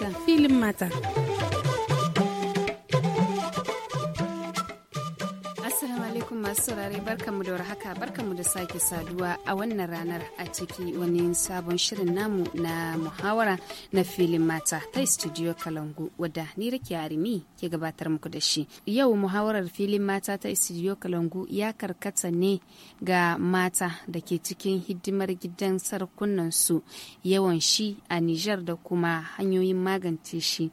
mata filin mata. saurare barkanmu da warhaka barkanmu da sake saduwa a wannan ranar a ciki wani sabon shirin namu na muhawara na filin mata ta studio kalangu wadda ni rike arimi ke gabatar muku da shi yau muhawarar filin mata ta studio kalangu ya karkata ne ga mata da ke cikin hidimar gidan sarkunan su yawan shi a nijar da kuma hanyoyin magance shi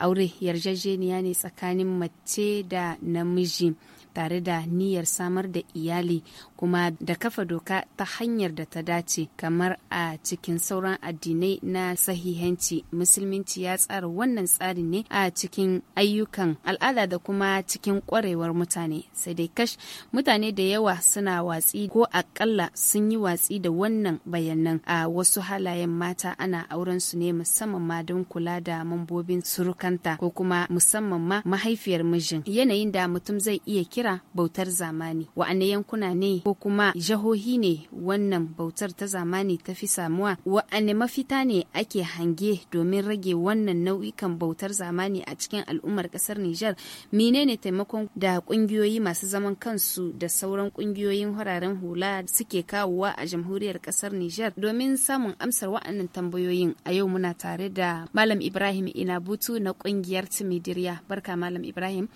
aure yarjejeniya ne tsakanin mace da namiji tare da niyyar samar da iyali kuma da kafa doka ta hanyar da ta dace kamar a cikin sauran addinai na sahihanci musulminci ya tsara wannan tsari ne a cikin ayyukan al'ada da kuma cikin kwarewar mutane sai dai kash mutane da yawa suna watsi ko akalla sun yi watsi da wannan bayanan a wasu halayen mata ana auren su ne musamman ma don kula da mambobin surukanta ko kuma musamman ma mahaifiyar mijin yanayin da mutum zai iya kira bautar zamani wa'anne yankuna ne ko kuma jihohi ne wannan bautar ta zamani ta fi samuwa wa'anne mafita ne ake hange domin rage wannan nau'ikan bautar zamani a cikin al'ummar kasar Nijar menene taimakon da kungiyoyi masu zaman kansu da sauran kungiyoyin hararen hula suke kawowa a jamhuriyar kasar Nijar domin samun amsar wa'annan tambayoyin a yau muna tare da Malam Ibrahim Inabutu na kungiyar Timidiriya barka Malam Ibrahim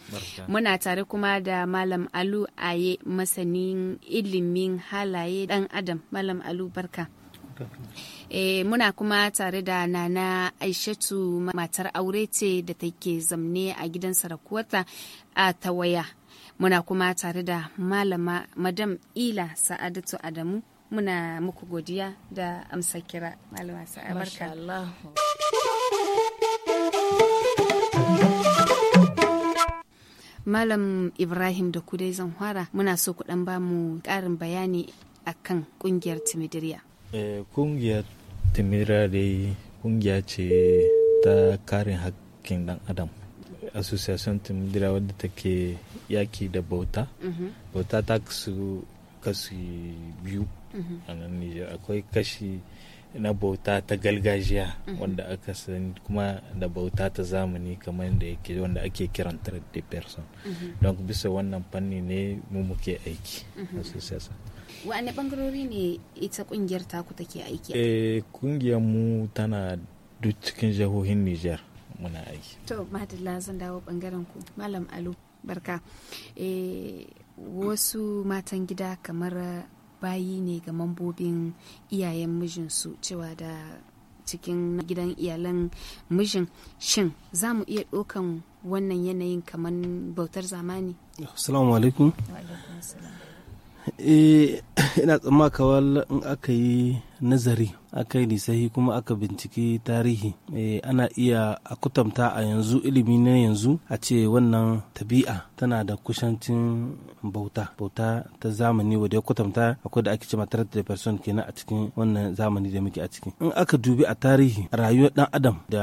muna tare kuma da Malam Alu Aye masanin ilimin halaye dan Adam. Malam Alu barka. E, muna kuma tare da Nana Aishatu matar aure ce da take zamne a gidan sarakuwarta a Tawaya. Muna kuma tare da Malama Madam Ila Sa'adatu Adamu. Muna muku godiya da amsa kira. Malama Malam Ibrahim da kudai zan fara muna so ku dan ba mu ƙarin bayani akan kungiyar Timidiriya. Kungiyar eh, Timidiriya dai kungiya ce ta karin hakkin dan adam. Association Timidiriya wadda take yaki da bauta. Mhm. Bauta ta kasu biyu mhm. a nan akwai kashi na bauta ta galgajiya. wanda aka sani kuma da bauta ta zamani kamar da yake wanda ake kiran da person don bisa wannan fanni ne mu muke aiki wa'ane bangarori ne ita kungiyar taku take aiki a eh, kungiyar mu tana duk cikin jihohin Nijar muna aiki to madalla zan dawo bangaren ku malam alu barka eh, wasu matan gida kamar bayi ne ga mambobin iyayen mijinsu cewa da cikin gidan iyalan mijin shin za mu iya ɗaukan wannan yanayin kamar bautar zamani? Assalamu alaikum. Eh, ina tsammakawa in aka yi nazari aka yi nisahi kuma aka binciki tarihi eh, ana iya a kutamta a yanzu ilimi na yanzu a ce wannan tabi'a tana da kusancin bauta bauta ta zamani wadda ya kutamta akwai da ake cima 30 da person kenan a cikin wannan zamani da muke a ciki in aka dubi a tarihi rayuwar dan adam da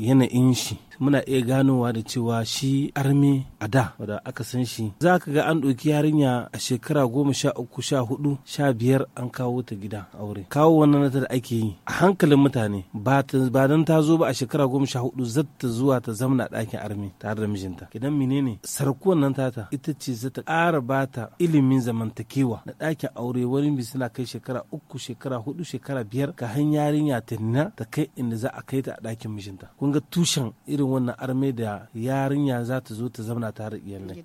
yanayin shi muna iya ganowa da cewa shi armi a da wadda aka san shi za ka ga an ɗauki yarinya a shekara goma sha uku sha hudu sha biyar an kawo ta gida aure kawo wannan nata da ake yi a hankalin mutane ba don ta zo ba a shekara goma sha hudu zata zuwa ta zamna ɗakin armi tare da mijinta idan menene sarkuwan nan tata ita ce zata ƙara bata ilimin zamantakewa na ɗakin aure wani bi suna kai shekara uku shekara hudu shekara biyar ka han yarinya ta nina ta kai inda za a kai ta a ɗakin mijinta kun ga tushen irin wannan arme da yarinya za ta zo ta zamna tare da iyalai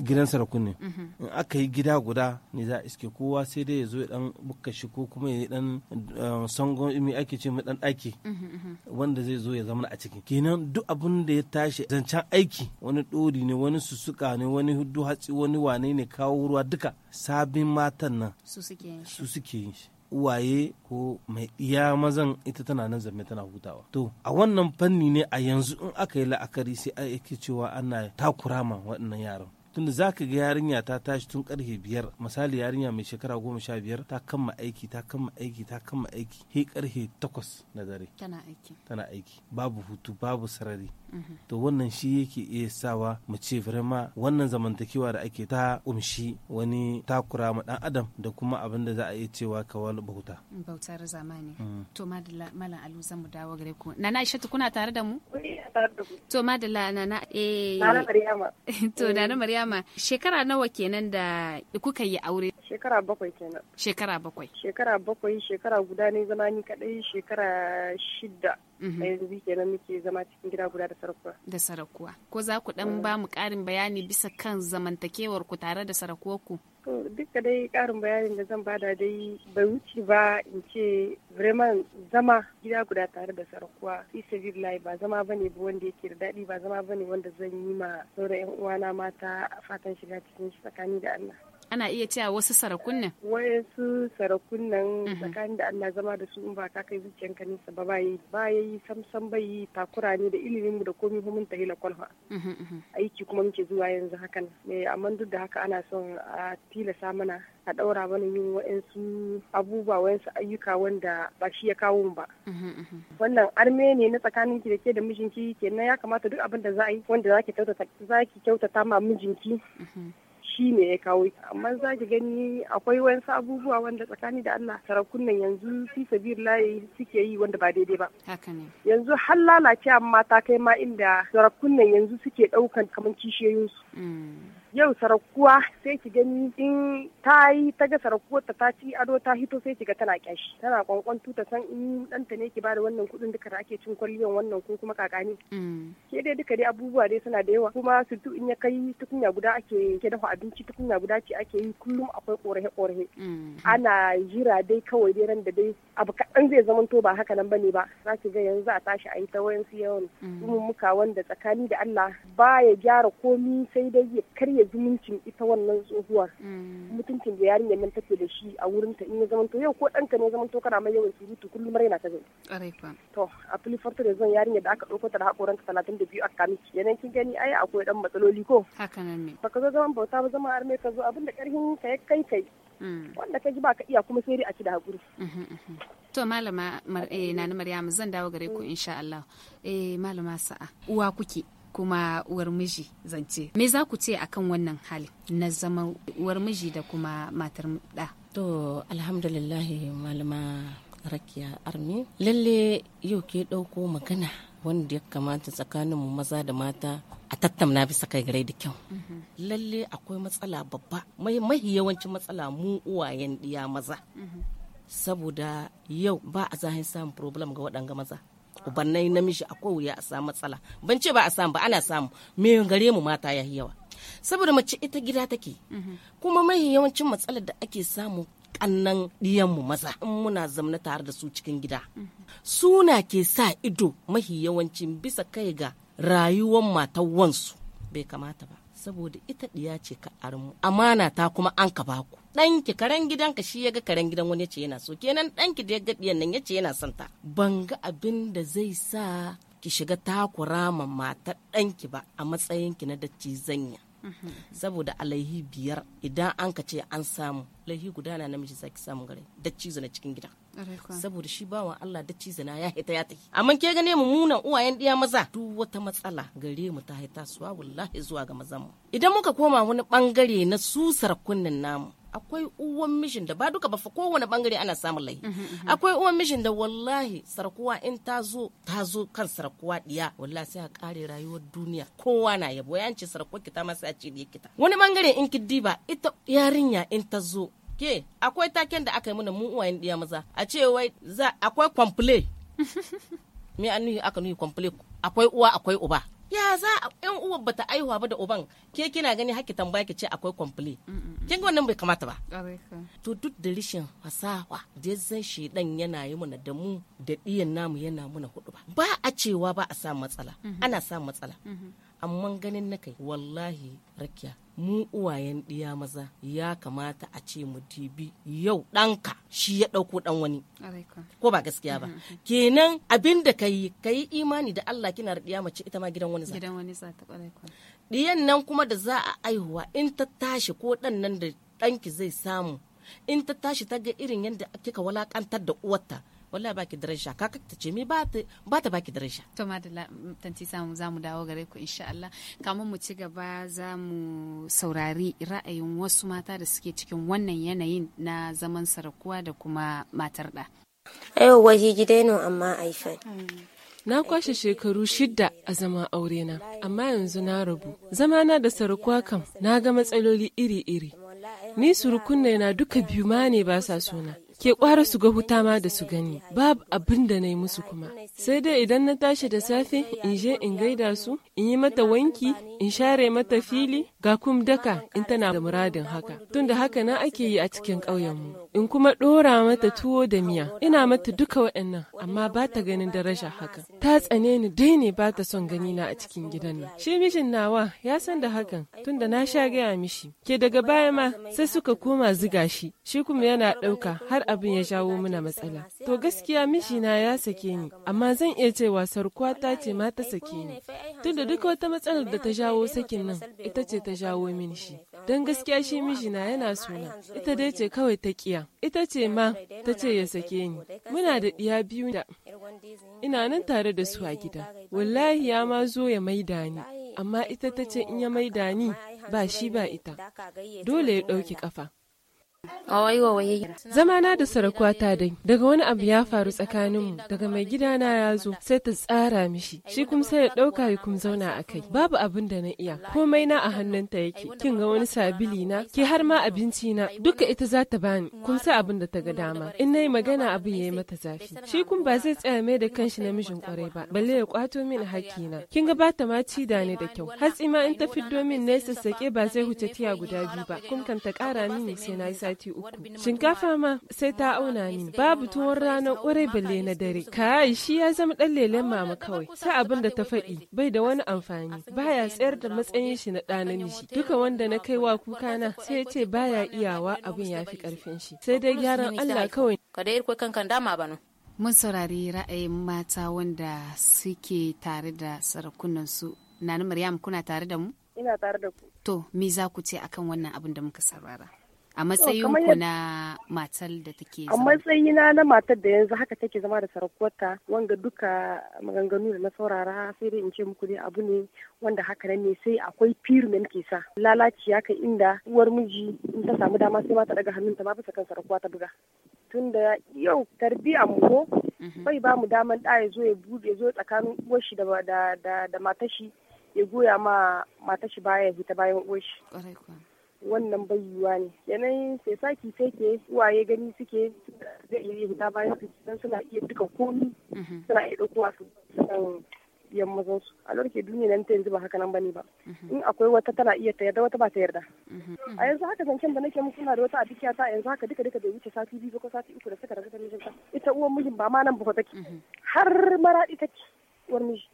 gidan saraku ne mhm. in aka yi gida guda ne za a iske kowa sai dai ya zo ya dan buka shi ko kuma ya dan eh, sango mai ake ce mai dan daki mhm, mhm. wanda zai zo ya zama a ciki kenan duk abin da ya tashi zancen aiki wani dori ne wani susuka ne wani hudu hatsi wani wane ne kawo ruwa duka sabin matan nan su suke yin shi uwaye ko mai iya mazan ita tana nan zame tana hutawa to a wannan fanni ne a yanzu in aka yi la'akari sai a cewa ana takurama waɗannan yaran tunda za ka ga yarinya ta tashi tun karfe biyar misali yarinya mai shekara goma sha biyar ta kama aiki ta kama aiki ta kama aiki he karfe takwas na dare tana aiki tana aiki babu hutu babu sarari mm-hmm. to wannan shi yake iya sawa mu ce firma wannan zamantakewa da ake ta umshi wani takura ma dan adam da kuma abin da za a iya cewa kawal bauta bautar zamani mm. to madalla malam alu zan mu dawo gare ku nana aisha kuna tare da mu to madalla nana eh to nana maryama Adama shekara nawa kenan da kuka yi aure? Shekara bakwai kenan. Shekara bakwai. Shekara bakwai, shekara guda ne zama ni kadai shekara shida. Mhm. A yanzu kenan muke zama cikin gida guda da sarakuwa. Da sarakuwa. Ko za ku dan ba mu karin bayani bisa kan zamantakewar ku tare da sarakuwar ku? Duka dai karin bayanin da zan bada dai bai wuce ba in ce vraiment zama gida guda tare da sarakuwa fi sabillahi ba zama bane ba wanda yake da daɗi ba zama bane wanda zan yi ma sauran 'yan uwana mata fatan shiga cikin shi tsakani da Allah. ana iya cewa wasu sarakunan Wayansu sarakunan mhm. tsakanin da Allah zama da su in ba ka kai ka nisa ba bayi bayi samsam bayi takura ne da ilimin mu da komai mun hila kwalfa mhm, mhm. aiki kuma muke zuwa yanzu hakan me eh, amma duk da haka ana son a tilasa mana a ɗaura mana yin wayansu abubuwa wayansu ayyuka wanda ba shi ya kawo ba. Wannan arme ne na tsakanin ki da ke da mijinki kenan ya kamata duk abin da za a yi wanda za ki kyautata ma mijinki shi ne ya kawo ita amma za ki gani akwai wasu abubuwa wanda tsakani da Allah nan yanzu fi sabir layi suke yi wanda ba daidai ba yanzu har lalace amma ta kai ma inda nan yanzu suke daukan kamar su. yau sarakuwa sai ki gani in ta yi ta ga sarakuwar ta ta ci ado ta hito sai ki ga tana kyashi tana kwankwantu ta san in ɗanta ne ki bada wannan kuɗin duka da ake cin kwalliyan wannan ko kuma kakani. Mm. Ke dai duka dai abubuwa dai suna da yawa kuma surtu in ya kai tukunya guda ake ke dafa abinci tukunya guda ce ake yi kullum akwai korahe korahe. Mm. Ana jira dai kawai dai ran da dai abu kaɗan zai zamanto ba haka nan bane ba za ki ga yanzu a tashi a yi ta su yawan. Mm. muka wanda tsakani da Allah baya gyara komi sai dai ya karya zumuncin ita wannan tsohuwar mm. mutuncin da yarinyar nan take da shi a wurin ta in ya to yau ko ɗanka ne to kana mai yawan surutu kullum yana ta zai to a filifarta da zan yarinya da aka ɗauko ta da hakoranta talatin da biyu a kamis yanayin kin gani ai akwai dan matsaloli ko haka nan ne baka zo zaman bauta ba zama arme ka zo abinda karfin ka ya kai kai mm. wanda ka ji ba ka iya kuma sai a ci da hakuri mhm, mhm. to malama eh, nani maryamu zan dawo gare ku insha Allah eh malama sa'a uwa kuke kuma uwar zance me za ku ce akan wannan hali? na zama uwar da kuma matar da to alhamdulillah malama rakiya armi lalle yau ke ɗauko magana wanda ya kamata tsakanin mu maza da mata a tattauna bisa kai gare da kyau mhm. lalle akwai matsala babba mai yawancin matsala mu uwayen ɗiya maza mhm. saboda yau ba a zahin samun problem ga waɗanga maza ubannai namiji akwai wuya a samu matsala ban ce ba a samu ba ana samu me gare mu mata ya yawa saboda mace ita gida take kuma mai yawancin matsalar da ake samu kannan mu maza in muna zamna tare da su cikin gida suna ke sa ido mahi yawancin bisa kai ga rayuwar matan wansu bai kamata ba saboda ita ɗiya ce ka amana ta kuma an ka baku ɗanki karen ka shi ya karen gidan wani yace yana so kenan ɗanki da ya ga ɗiyan nan yace yana son ta ban ga abin da zai sa ki shiga takura ma matar ɗanki ba a matsayin ki na dacci zanya mhm. saboda alaihi biyar idan an ka ce an samu laihi guda na namiji ki samu gare dacci zana cikin gida saboda shi bawa Allah dacci zana ya hita ya tafi amma ke gane mu munan uwayen ɗiya maza duk wata matsala gare mu ta haita suwa wallahi zuwa ga mazan mu idan muka koma wani bangare na susar kunnen namu akwai uwan mijin da ba duka ba fa kowane bangare ana samun lahi mhm, mhm. akwai uwan mijin da wallahi sarkuwa in ta zo ta zo kan sarkuwa diya wallahi sai a kare rayuwar duniya kowa na yabo ya ce sarkuwa kita ma sai a ce kita wani bangare in ki diba ita yarinya in ta zo ke akwai taken da aka yi mana mu uwayen diya maza a ce wai za akwai kwamfule me an nuhi aka nuhi kwamfule akwai uwa akwai uba ya za a yan uwa bata aihuwa ba da uban ke kina gani haki tambaya ki ce akwai komple mm, mm, mm. kin ga wannan bai kamata ba to duk da rishin fasaha da zan shi dan yana yi mana da mu da diyan namu yana muna hudu ba ba a cewa ba a sa matsala mm-hmm. ana sa matsala mm-hmm. amma ganin na kai wallahi rakiya mu uwayen ɗiya maza ya kamata a ce mu dibi yau ɗanka shi ya ɗauko ɗan wani ko ba gaskiya ba mm-hmm, mm-hmm. kenan abin da ka yi ka yi imani da Allah kina da ɗiya mace ita ma gidan wani gidan ɗiyan nan kuma da za a aihuwa in ta tashi ko ɗan nan da ɗanki zai samu in ta tashi ta ga irin yadda kika walakantar da uwarta wallahi baki daraja ka ta ce me ba ta baki daraja to madalla tanti samu zamu dawo gare ku insha Allah kamun mu ci gaba za mu saurari ra'ayin wasu mata da suke cikin wannan yanayin na zaman sarakuwa da kuma matar da ayo waje gidaino amma aifan Na kwashe shekaru shidda a zama aurena, amma yanzu na rabu. na da sarakuwa kam na ga matsaloli iri-iri. Ni surukun na duka biyu ma ne ba sa suna. ke kwara su ga huta ma da su gani babu abin da na yi musu kuma sai dai idan na tashi da safe in je in gaida su in yi mata wanki in share mata fili ga kum daka in tana da muradin haka tunda haka na ake yi a cikin ƙauyenmu in kuma ɗora mata tuwo da miya ina mata duka waɗannan amma ba ta ganin daraja hakan ta tsane ni dai ne ba ta son gani na a cikin gidan nan shi mijin nawa ya san da hakan tunda na sha gaya mishi ke daga baya ma sai suka koma ziga shi shi kuma yana ɗauka har abin ya jawo mana matsala to gaskiya mijina ya sake ni amma zan iya cewa sarkwata ta ce ma ta sake ni tunda duka wata matsalar da ta jawo sakin nan ita ce ta jawo mini shi don gaskiya shi mijina yana suna ita dai ce kawai ta kiya ita ce ma ta ce ya sake ni muna da ɗiya biyu da ina nan tare da su a gida wallahi ya ma zo ya maida ni amma ita ta ce in ya maida ni ba shi ba ita dole ya ɗauki ƙafa Zama na da sarakwata dai, daga wani abu ya faru tsakaninmu, daga mai gidana ya zo, sai ta tsara mishi, shi kuma sai ya ɗauka ya kuma zauna a kai. Babu abin da na iya, komai na a hannunta yake, kin ga wani sabili na, ke har ma abinci na, duka ita za ta bani, kuma sai abin da ta ga dama. In na yi magana abin ya yi mata zafi. Shi kuma ba zai tsaya mai da kanshi mijin kwarai ba, balle ya kwato min na Kin ga ba ta ma ci da ne da kyau. Hatsi ma in ta fiddo min nayi sassaƙe ba zai huce tiya guda biyu ba, kuma kan ta ƙara mini sai na yi sati. sati uku. Shinkafa ma sai ta auna ni babu tuwon ranar ƙwarai balle na dare. Kai shi ya zama ɗan lelen mama kawai. Sa abin da ta faɗi bai da wani amfani. Baya tsayar da matsayin shi na ɗa nishi. Duka wanda na kai wa kuka na sai ce baya iyawa abin ya fi ƙarfin shi. Sai dai gyaran Allah kawai. ka Kada irkwai kankan dama bano. Mun saurari ra'ayin mata wanda suke tare da sarakunansu. Nani Maryam kuna tare da mu? Ina tare da ku. To, me za ku ce akan wannan abin da muka saurara? a matsayin ku na matar da take a matsayina na matar da yanzu haka take zama da sarakuwarta wanga duka maganganu da na saurara sai dai in ce muku dai abu ne wanda haka nan ne sai akwai firu da nake sa lalaci kai inda uwar miji in ta samu dama sai ma ta daga hannunta ma bisa kan sarakuwa ta buga tunda yau tarbiya mu ko mhm. bai ba mu daman da ya zo ya bude zo tsakanin uwar shi da matashi ya goya ma matar baya ya fita bayan uwar shi wannan bayyuwa ne yanayin sai saki sai ke uwaye gani suke zai iya hita bayan su dan suna iya duka komi mhm. suna iya ɗaukowa su yan mazan su a lokacin duniya nan ta yanzu ba haka nan bane ba mhm. in akwai wata tana iya ta yarda wata ba ta yarda mhm. a yanzu haka zancen da nake muku na da wata abikiya ta yanzu haka duka duka bai wuce sati biyu ko sati uku da suka rabu ta mijinta ita uwan mijin ba ma nan ba take har maraɗi take uwar miji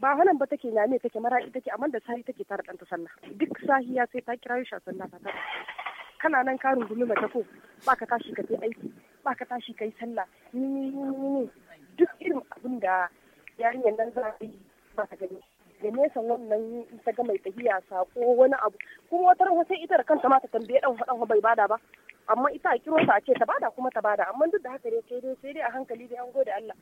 ba hanan ba take na ne take maraɗi take amma da sahi take tara ɗanta sallah duk sahiya sai ta kira shi sallah ta kana nan ka rungumi mata ko ba ka tashi ka je aiki ba ka tashi ka yi sallah ni duk irin abin da yarinyar nan za ta yi ba ka gani da nesa wannan ta ga mai tahiya sako wani abu kuma wata ran sai ita da kanta ma ta tambaye dan fadan bai bada ba amma ita a kiro ta a ce ta bada kuma ta bada amma duk da haka dai sai dai sai dai a hankali dai an gode Allah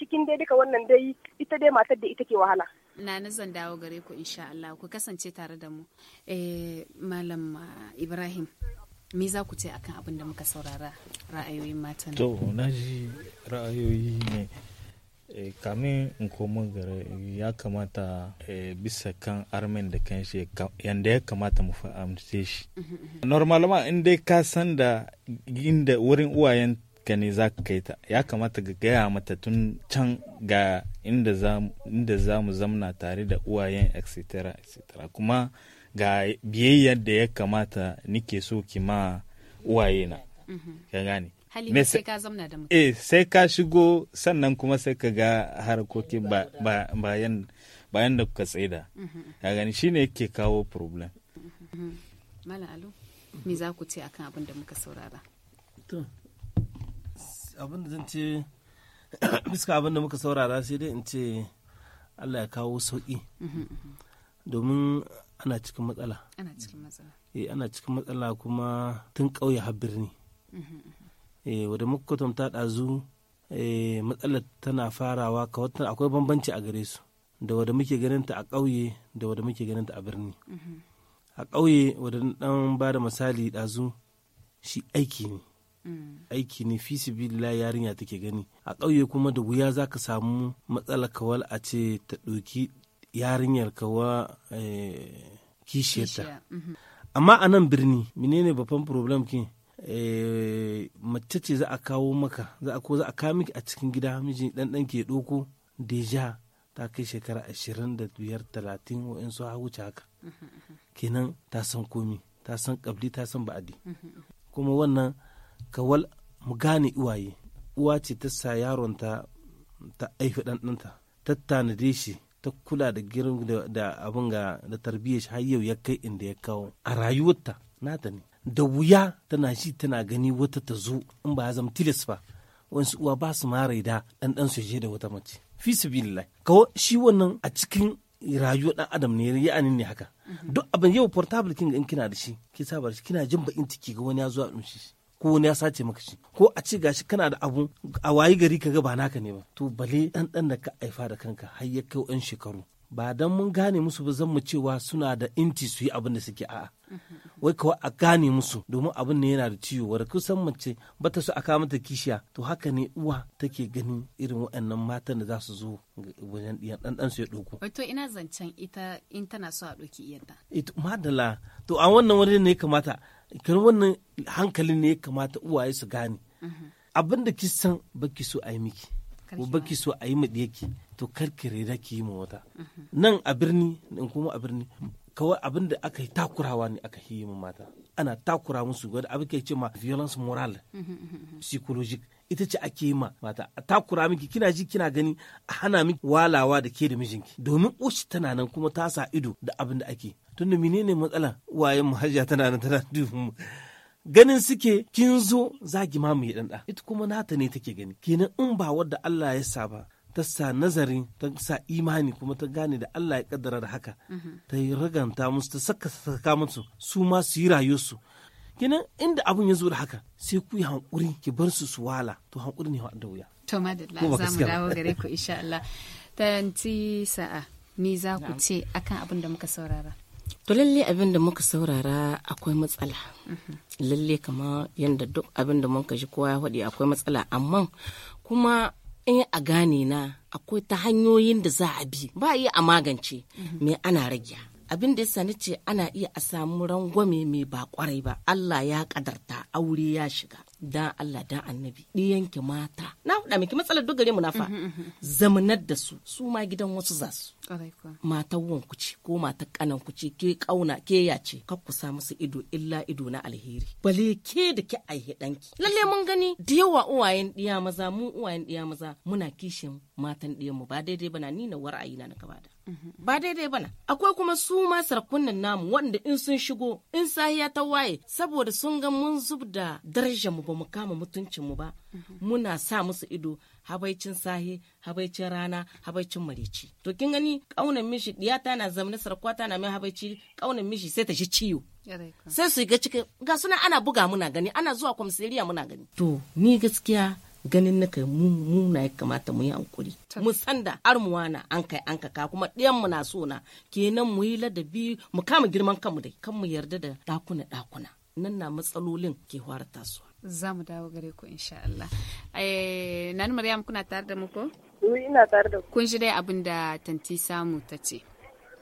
cikin dai duka wannan dai ita dai matar da ita ke wahala na zan dawo gare ku insha Allah ku kasance tare da mu eh malam uh, Ibrahim me za ku ce akan abin da muka saurara ra'ayoyin matan to na ji ra'ayoyi ne eh, kamin in koma gare ya kamata eh, bisa kan armen da kan shi yadda ya kamata mu fa'amce shi mhm, mhm. normalma in dai ka san da inda wurin uwayen gani za ka kai ta ya kamata ga gaya mata tun can ga inda za mu zamna tare da uwayen etc kuma ga biyayyar da ya kamata nike so ki ma uwaye na mhm. ka gane halima sai ka zamna da mutum eh sai ka shigo sannan kuma sai ka ga harkoki bayan da kuka tsaida ya mhm. gani shine yake kawo problem mhm. mala alu me za ku ce akan abin da muka saurara to abin da zan ce biska abin muka saurara sai dai in ce allah ya kawo sauƙi mhm, mhm. domin ana cikin matsala eh, ana cikin matsala kuma tun ƙauye har birni mhm, eh, wadda muka kwatanta ɗazu eh, matsalar tana farawa ka watan akwai bambanci a gare su da wadda muke ganin a ƙauye da wadda muke ganin ta a birni a ƙauye wadda ɗan ba da misali ɗazu shi aiki ne aiki ne fisi sibila yarinya take gani a ƙauye kuma da wuya za ka samu matsala kawal a ce ta ɗoki yarinyar kawa eh, kishiyarta mhm. amma a nan birni menene babban problem kin eh, mace ce za a kawo maka za a ko za a kawo miki a cikin gida miji dan ke doko deja ta kai shekara ashirin da biyar talatin wa'insu ha wuce haka mhm, mhm. kenan ta san komi ta san kabli ta san ba'adi kuma wannan kawal mu gane uwaye uwa ce ta sa yaronta ta aifi ɗanɗanta ta tanade shi ta kula da girin da abin ga da tarbiyyar shi har yau ya kai inda ya kawo a rayuwarta nata ne da wuya tana shi, tana gani wata ta zo in ba ya zama tilas ba wasu uwa ba su mara yi da ɗanɗan su je da wata mace fi sabilillah kawo shi wannan a cikin rayuwar ɗan adam ne ani ne haka mhm. duk abin yau portable kin in kina da shi ki saba shi kina jin bakin ciki ga wani ya zo a shi ko wani ya sace maka shi ko a ce gashi kana da abu a wayi gari ka ga ba naka ne ba to bale dan dan da ka aifa da kanka har ya kai yan shekaru ba dan mun gane musu ba zan mu cewa suna da inti su yi abin da suke a'a wai kawai a gane musu domin abin ne yana da ciwo ce kusan mace so a kama mata kishiya to haka ne uwa take ganin irin waɗannan matan da za su zo wajen ɗiyan ɗanɗan su ya ɗauko. wato ina zancen ita in tana so a ɗauki iyanta. ita madala to a wannan wani ne kamata kan wannan hankali ne ya kamata uwaye su gane abin da san baki so a yi miki ko baki so a yi ma kar to karkire da ki yi ma wata mhm. nan a birni in kuma a birni kawai abin da aka yi takurawa ne aka yi ma mata ana takura musu wadda abin ke ce ma violence moral psychologique ita ce ake yi ma mata a takura miki kina ji kina gani a hana miki walawa da ke da mijinki domin uci tana nan kuma ta sa ido da abin da ake tunda menene matsala waye mu hajiya tana nan tana dubin mu ganin suke kin zo zagi ma mu yi dan ita kuma nata ne take gani kenan in ba wadda Allah ya saba ta sa nazari ta sa imani kuma ta gane da Allah ya kaddara da haka mhm. ta yi raganta musu ta saka saka musu su ma su yi rayuwarsu kenan inda abun ya zo da haka sai ku yi hankuri ki bar su su wala to hankuri ne wa da wuya to madalla za mu dawo gare ku insha Allah yanti sa'a ni za ku ce akan abin da muka saurara to lalle abin da muka saurara akwai matsala mhm. lalle kama yanda duk abin da muka ji kowa ya faɗi akwai matsala amma kuma in a gane na akwai ta hanyoyin da za a bi ba yi a magance mai ana rage abin da ya ce ana iya a samu rangwame mai ba kwarai ba Allah ya kadarta aure ya shiga dan Allah dan annabi ɗiyanki mata na faɗa miki matsalar duk gare mu na fa mm-hmm, mm-hmm. zamanar da su su ma gidan wasu za su matan wanku ce ko mata kanan ku ce ke kauna ke ya ce kar ku sa musu ido illa ido na alheri bale ke da ke aihe danki lalle mun gani da yawa uwayen ɗiya maza mu uwayen ɗiya maza muna kishin matan ɗiyan mu ba daidai bana ni na war'ayi na na gaba da ba daidai bana akwai kuma su ma sarakunan namu waɗanda in sun shigo in sahiya ta waye saboda sun ga mun zub da darajar mu ba mu kama mutuncin mu ba muna sa musu ido habaicin sahi habaicin rana habaicin marici to kin gani kaunan mishi diyata na zamne sarkwa tana mai habaici kaunan mishi sai ta shi ciwo sai su ga cikin ga suna ana buga muna gani ana zuwa kwamsiriya muna gani to ni gaskiya ganin na kai muna na ya kamata mu yi hankuri mu san da armuwa na an kai an kaka kuma ɗiyan mu na so na kenan mu yi ladabi mu kama girman kanmu dai kan mu yarda da ɗakuna ɗakuna nan na matsalolin ke fara tasowa za mu dawo gare ku insha Allah eh, nan Maryam kuna tare da mu ko eh, ina tare da ku kun shi dai abin da tanti samu ta ce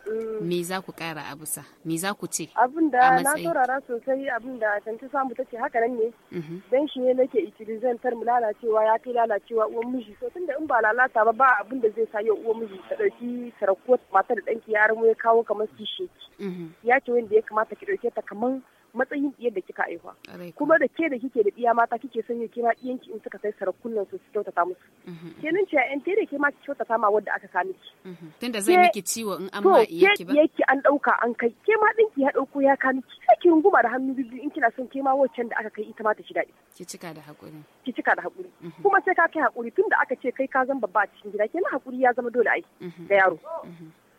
Mm. me za ku kara a bisa me za ku ce abin da na saurara sosai abin da tanti samu ta ce haka nan ne mhm. dan shi ne nake itilizantar mu lalacewa ya fi lalacewa uwan miji to tunda in ba lalata ba ba abin da zai sa yau uwan miji ta ɗauki tarakuwar matar da danki ya ya kawo kamar kishi mhm. ya ce wanda ya kamata ki ɗauke ta kamar matsayin diyar da kika aihuwa kuma da ke da kike da iya mata kike sanya kina diyanki in suka kai sarakunan su su kyautata musu mhm, mhm. kenan cewa yan da ke ma kyautata ma wadda aka sami ki mhm. tunda zai miki ciwo in an ma iyaki ba yake an dauka an kai ke ma dinki ya dauko ya kami ki sai ki runguma da hannu biyu in kina son ke ma waccan da aka kai ita ma ta shi daɗi ki cika da hakuri ki cika da hakuri kuma sai ka kai hakuri da aka ce kai ka zan babba a cikin gida kenan hakuri ya zama dole ai da yaro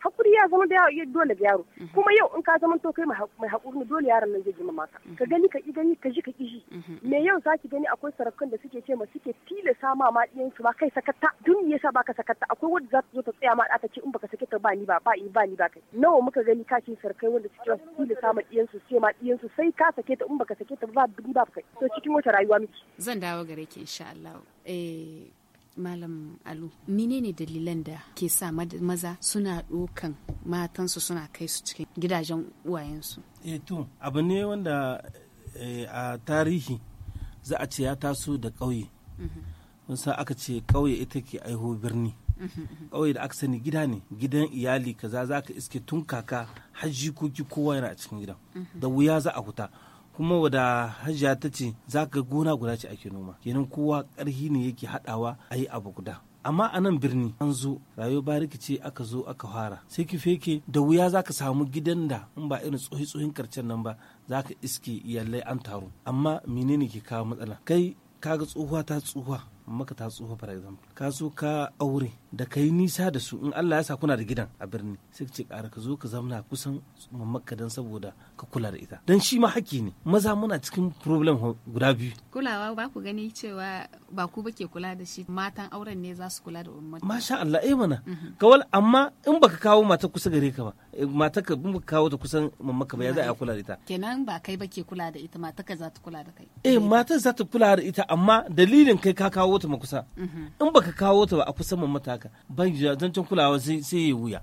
hakuri ya zama da ya dole ga yaro mhm. kuma yau in ka zama to kai mai hakuri ne dole yaron nan zai girma maka mhm. ka gani ka ki gani ka ji ka ji mhm. me yau zaki gani akwai sarakan da suke ce ma suke tile sama ma diyan su ma kai sakatta dun sa baka sakatta akwai wanda za ta zo ta tsaya ma ta ce in baka sake ta ba ni ba ba ni ba ni ba kai nawa muka gani ka ce sarakai wanda suke tilasa ma diyan su ma sai ka sake ta in baka sake ta ba ni ba kai to cikin wata rayuwa miki zan dawo gare ki insha Allah eh Malam Alu, menene dalilan da ke sa maza suna ɗokan matansu suna kai su cikin gidajen uwayensu? E to, abu ne wanda eh, a tarihi za a ce ya taso da ƙauye. Mm-hmm. sa aka ce ƙauye ita ke aiho birni. Mm-hmm. ƙauye da aka sani gida ne gidan iyali kaza za ka iske tun kaka hajji jikoki kowa yana a cikin gidan mm-hmm. da wuya za a huta kuma wada hajiya ta ce za ka gona guda ce ake noma kenan kowa ƙarhi ne yake haɗawa a yi abu guda amma a nan birni an zo rayuwa bariki ce aka zo aka fara sai ki feke da wuya za ka samu gidan da in ba irin tsohi tsohin karcen nan ba za ka iske iyalai an taru amma menene ke kawo matsala kai ka ga tsohuwa ta tsohuwa maka ta tsohuwa for example ka zo ka aure da ka yi nisa da su in Allah ya sa kuna da gidan a birni sai ka ce ƙara ka zo ka zamna kusan mamakka don saboda ka kula da ita don shi ma haƙƙi ne maza muna cikin problem guda biyu kulawa ba ku gani cewa ba ku ba ke kula da shi matan auren ne za su kula da umar. masha Allah eh mana mhm. kawal amma in baka kawo mata kusa gare ka ba eh, mata ka in baka kawo ta kusan mamakka ba ya za a kula da ita kenan ba kai ba ke kula da ita mata ka za ta kula da kai eh mata za ta kula da ita amma dalilin kai ka kawo ta kusa mhm. in baka ka kawo ta ba a kusa mun mataka ban can kulawa sai ya wuya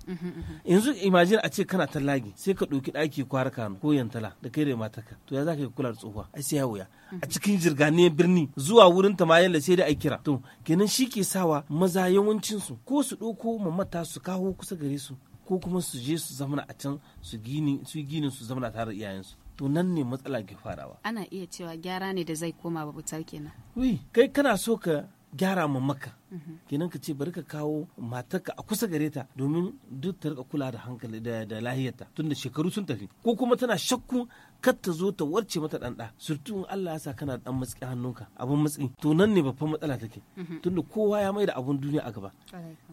yanzu imagine a ce kana tallagi sai ka ɗauki ɗaki kwara kano ko yantala da kai da mataka to ya za ka kula da tsohuwa ai sai ya wuya a cikin jirganiyar birni zuwa wurin ta ma yalla sai da a kira to kenan shi ke sawa maza yawancin su ko su ɗauko mamata su kawo kusa gare su ko kuma su je su zamana a can su gini su ginin su zamana tare da iyayensu to nan ne matsala ke farawa ana iya cewa gyara ne da zai koma babu kenan wi kai kana so ka gyara ma maka kenan ka ce bari ka kawo matarka a kusa gare ta domin duk ta rika kula da hankali da lahiyarta tunda shekaru sun tafi ko kuma tana shakku kar ta zo ta warce mata ɗan ɗa surtu in Allah ya sa kana ɗan matsi hannunka abun matsi to nan ne babban matsala take mhm. tunda kowa ya mai da abun duniya a gaba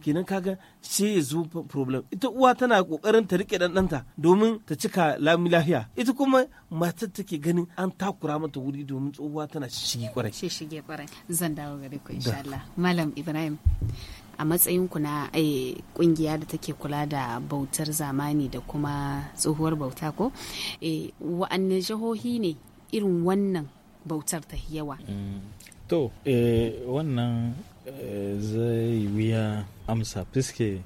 kenan kaga sai ya zo problem ita uwa tana kokarin ta rike ɗan ɗanta domin ta cika lami lafiya ita kuma matar take ganin an takura mata wuri domin tsohuwa tana shige kwarai shige kwarai zan dawo gare ku insha Allah malam Ibrahim a matsayinku na eh, kungiya da take kula da bautar zamani da kuma tsohuwar bauta ko eh, wa'anne jihohi ne irin wannan bautar ta yawa mm. to eh, wannan zai wuya amsa fiske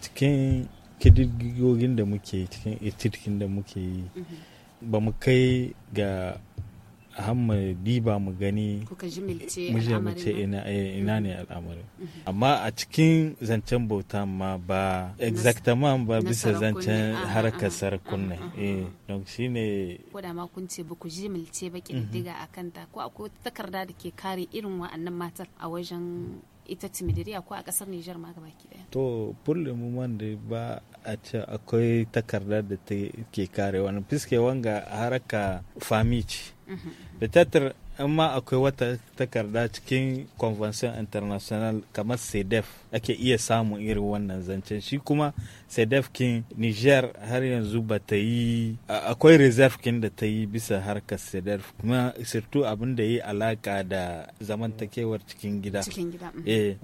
cikin kididgogin da muke cikin itikin da muke yi mm-hmm. ba mu kai ga hamma diba mu gani mu mu ce ina eh, mm-hmm. ne al'amarin mm-hmm. amma a cikin zancen bauta ma ba exactement ba bisa zancen harkar sarakun eh, ne eh don shine ko da ma kun ce ba ku jimilce ba kididdiga mm-hmm. akan ta ko akwai takarda da ke kare irin wa'annan matar a wajen ita timidiriya ko a kasar Nijar ma gaba ki daya to fulle mu man da ba a ce akwai takardar da ta ke kare wani fiske wanga haraka fami ce da mhm. amma akwai wata takarda cikin convention international kamar sedef ake iya samun irin wannan zancen shi kuma sedef kin niger har yanzu ba ta yi akwai reserve kin da ta yi bisa harkar sedef kuma sirtu abin da yi alaka da zamantakewar cikin gida mhm. eh,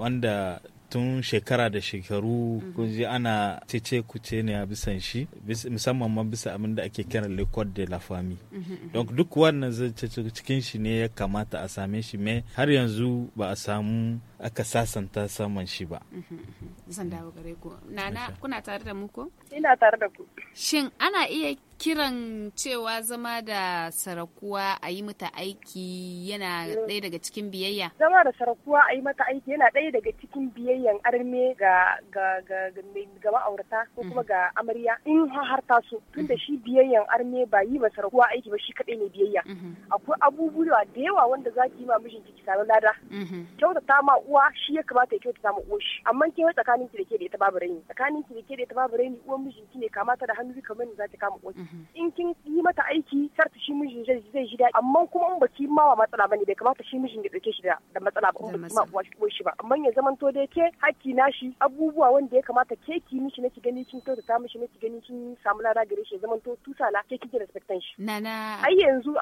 wanda tun shekara da shekaru mhm. kun ji ana cece kuce ne a bisan shi musamman ma bisa abin da ake kira le code de la famille mhm, mhm. don duk wannan zai cikin shi ne ya kamata a same shi me har yanzu ba a samu aka sasanta saman shi ba. Zan dawo gare ku. Nana kuna tare da mu ko? Ina tare da ku. Shin ana iya kiran cewa zama da sarakuwa a yi mata aiki yana ɗaya daga cikin biyayya? Zama da sarakuwa a yi mata aiki yana ɗaya daga cikin biyayyan arme ga ga ga ga ma'aurata ko kuma mm. ga amarya in har ta so da mm. shi biyayyan arme ba yi ba sarakuwa aiki ba shi kaɗai ne biyayya. Mm-hmm. Akwai abubuwa da yawa wanda za ki yi ma mijin ki sami lada. Mm-hmm. Kyautata ma uwa shi ya kamata ya kyautata ma uwa shi amma ke wai tsakanin ki da ke da ita babu raini tsakanin ki da ke da ita babu raini uwan mijin ki ne kamata da hannu kamar ne za ta kama uwa in kin yi mata aiki sarta shi mijin zai ji daɗi amma kuma in baki ma ba matsala bane bai kamata shi mijin ya dauke shi da matsala ba in baki ma uwa shi ba amma ya zamanto dai ke hakki na shi abubuwa wanda ya kamata ke ki mishi nake gani kin kyautata mishi nake gani kin samu lada gare shi zamanto tusala ke kike respectan shi na ai yanzu